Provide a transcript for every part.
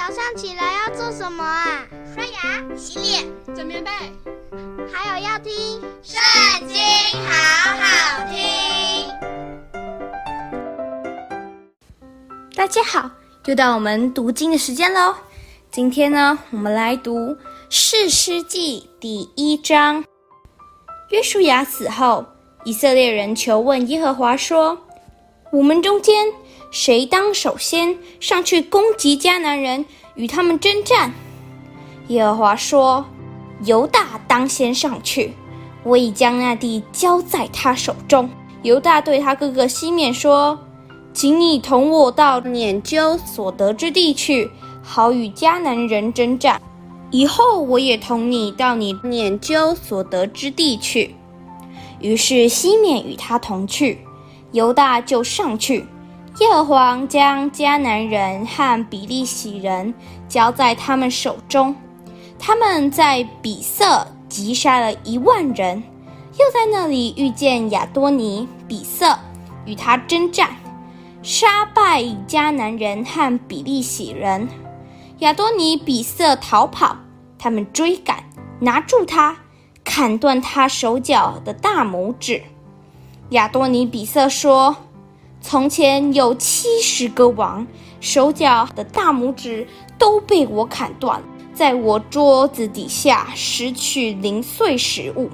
早上起來要做什麼啊？刷牙、洗臉、整棉被，還有要聽《聖經》，好好聽。大家好，又到我們讀經的時間嘍。今天呢，我們來讀《士師記》第一章。約書亞死後，以色列人求問耶和華說：“我們中間……”誰當首先上去攻擊迦南人，與他們爭戰？”耶和華說：“猶大當先上去。我已將那地交在他手中。”猶大對他哥哥西緬說：“請你同我到拈鬮所得之地去，好與迦南人爭戰。以後我也同你到你拈鬮所得之地去。”於是西緬與他同去，猶大就上去。耶和華將迦南人和比利洗人交在他們手中，他們在比色擊殺了一萬人，又在那裡遇見亞多尼比色，與他爭戰，殺敗迦南人和比利洗人，亞多尼比色逃跑，他們追趕，拿住他，砍斷他手腳的大拇指。亞多尼比色說。從前有七十個王，手腳的大拇指都被我砍斷，在我桌子底下拾取零碎食物。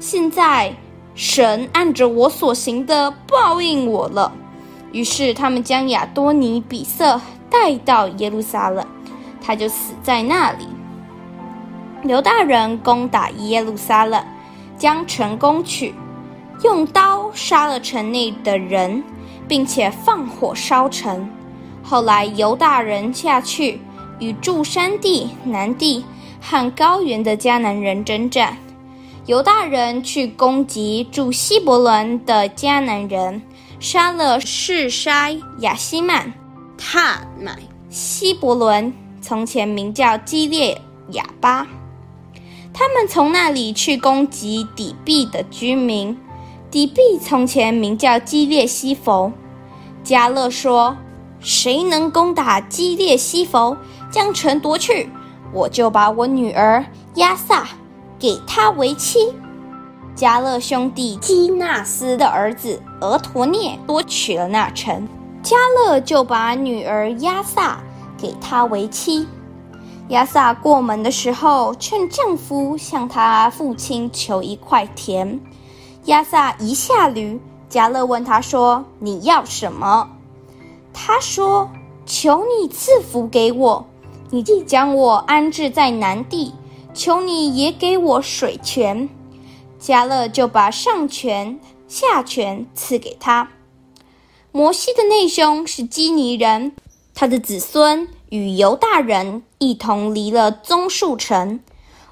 現在神按着我所行的報應我了。於是他們將亞多尼比色帶到耶路撒冷，他就死在那裡。猶大人攻打耶路撒冷，將城攻取，用刀殺了城內的人。並且放火燒城。後來，猶大人下去與住山地、南地和高原的迦南人爭戰。猶大人去攻擊住希伯崙的迦南人，殺了示篩、亞希幔、撻買。希伯崙從前名叫基列亞巴。他們從那裡去攻擊底壁的居民。底壁從前名叫基列西弗。迦勒說：“誰能攻打基列西弗，將城奪去，我就把我女兒押撒給他為妻。”迦勒兄弟基納斯的兒子俄陀涅奪取了那城，迦勒就把女兒押撒給他為妻。押撒過門的時候，勸丈夫向她父親求一塊田。押撒一下驢，迦勒問他說：“你要什麼？”他說：“求你賜福給我，你既將我安置在南地，求你也給我水泉。”迦勒就把上泉、下泉賜給他。摩西的內兄是基尼人，他的子孫與猶大人一同離了棕樹城，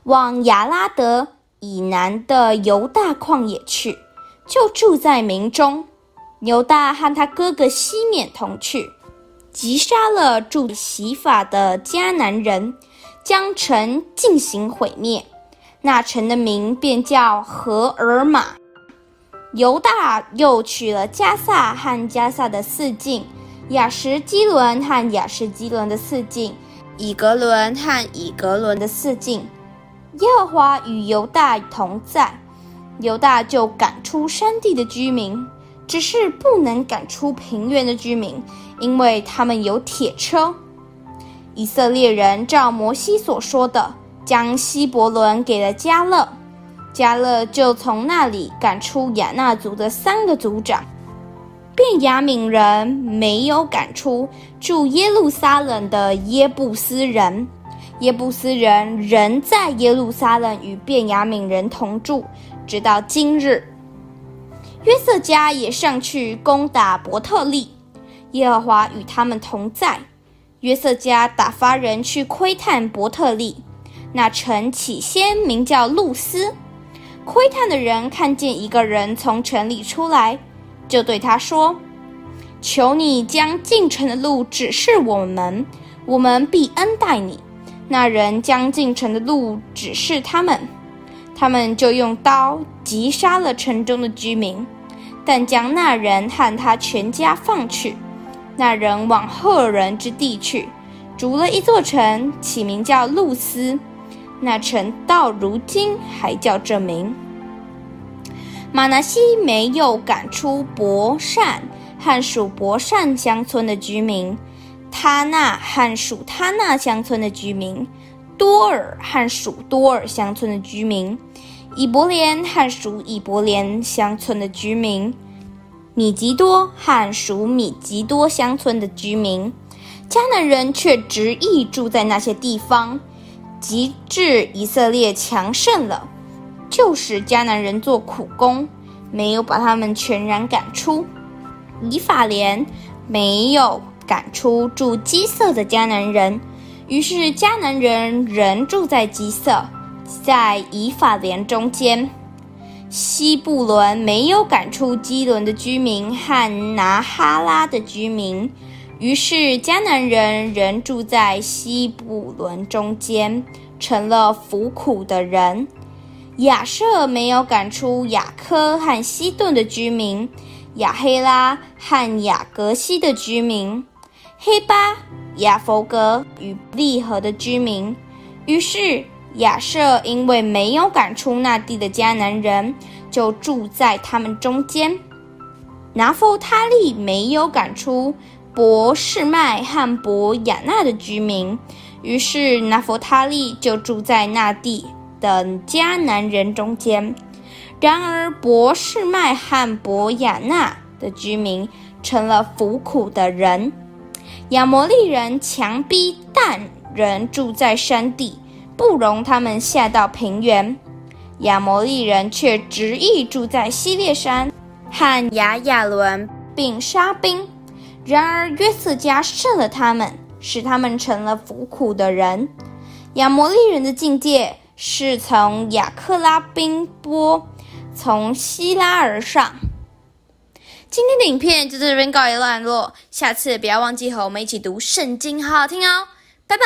往亞拉得。以南的猶大曠野去，就住在民中。猶大和他哥哥西緬同去，擊殺了住洗法的迦南人，將城盡行毀滅。那城的名便叫何珥瑪。猶大又取了迦薩和迦薩的四境，亞實基倫和亞實基倫的四境，以革倫和以革倫的四境。耶和華與猶大同在，猶大就趕出山地的居民，只是不能趕出平原的居民，因為他們有鐵車。以色列人照摩西所說的，將希伯倫給了迦勒，迦勒就從那裡趕出亞衲族的三個族長，便雅憫人沒有趕出住耶路撒冷的耶布斯人。耶布斯人仍在耶路撒冷與便雅憫人同住，直到今日。約瑟家也上去攻打伯特利，耶和華與他們同在。約瑟家打發人去窺探伯特利，那城起先名叫路斯。窺探的人看見一個人從城裡出來，就對他說：“求你將進城的路指示我們，我們必恩待你。”那人將進城的路指示他們，他們就用刀擊殺了城中的居民，但將那人和他全家放去。那人往赫人之地去，築了一座城，起名叫路斯。那城到如今還叫這名。馬拿西沒有趕出伯善和屬伯善鄉村的居民。他那和屬他那鄉村的居民，多珥和屬多珥鄉村的居民，以伯蓮和屬以伯蓮鄉村的居民，米吉多和屬米吉多鄉村的居民，迦南人卻執意住在那些地方。及至以色列強盛了，就使迦南人做苦工，沒有把他們全然趕出。以法蓮沒有。趕出住基色的迦南人，於是迦南人仍住在基色，在以法蓮中間。西布倫沒有趕出基倫的居民和拿哈拉的居民，於是迦南人仍住在西布倫中間，成了服苦的人。亞設沒有趕出亞柯和西頓的居民，亞黑拉和亞革悉的居民。黑巴、亞弗革與利合的居民，於是亞設因為沒有趕出那地的迦南人，就住在他們中間。拿弗他利沒有趕出伯示麥和伯亞納的居民，於是拿弗他利就住在那地的迦南人中間。然而，伯示麥和伯亞納的居民成了服苦的人。亞摩利人強逼但人住在山地，不容他們下到平原。亞摩利人卻執意住在希烈山，和亞雅倫並沙賓。然而約瑟家勝了他們，使他們成了服苦的人。亞摩利人的境界是從亞克拉濱坡，從西拉而上。今天的影片就到這邊告一段落，下次不要忘記和我們一起讀聖經，好好聽哦，拜拜。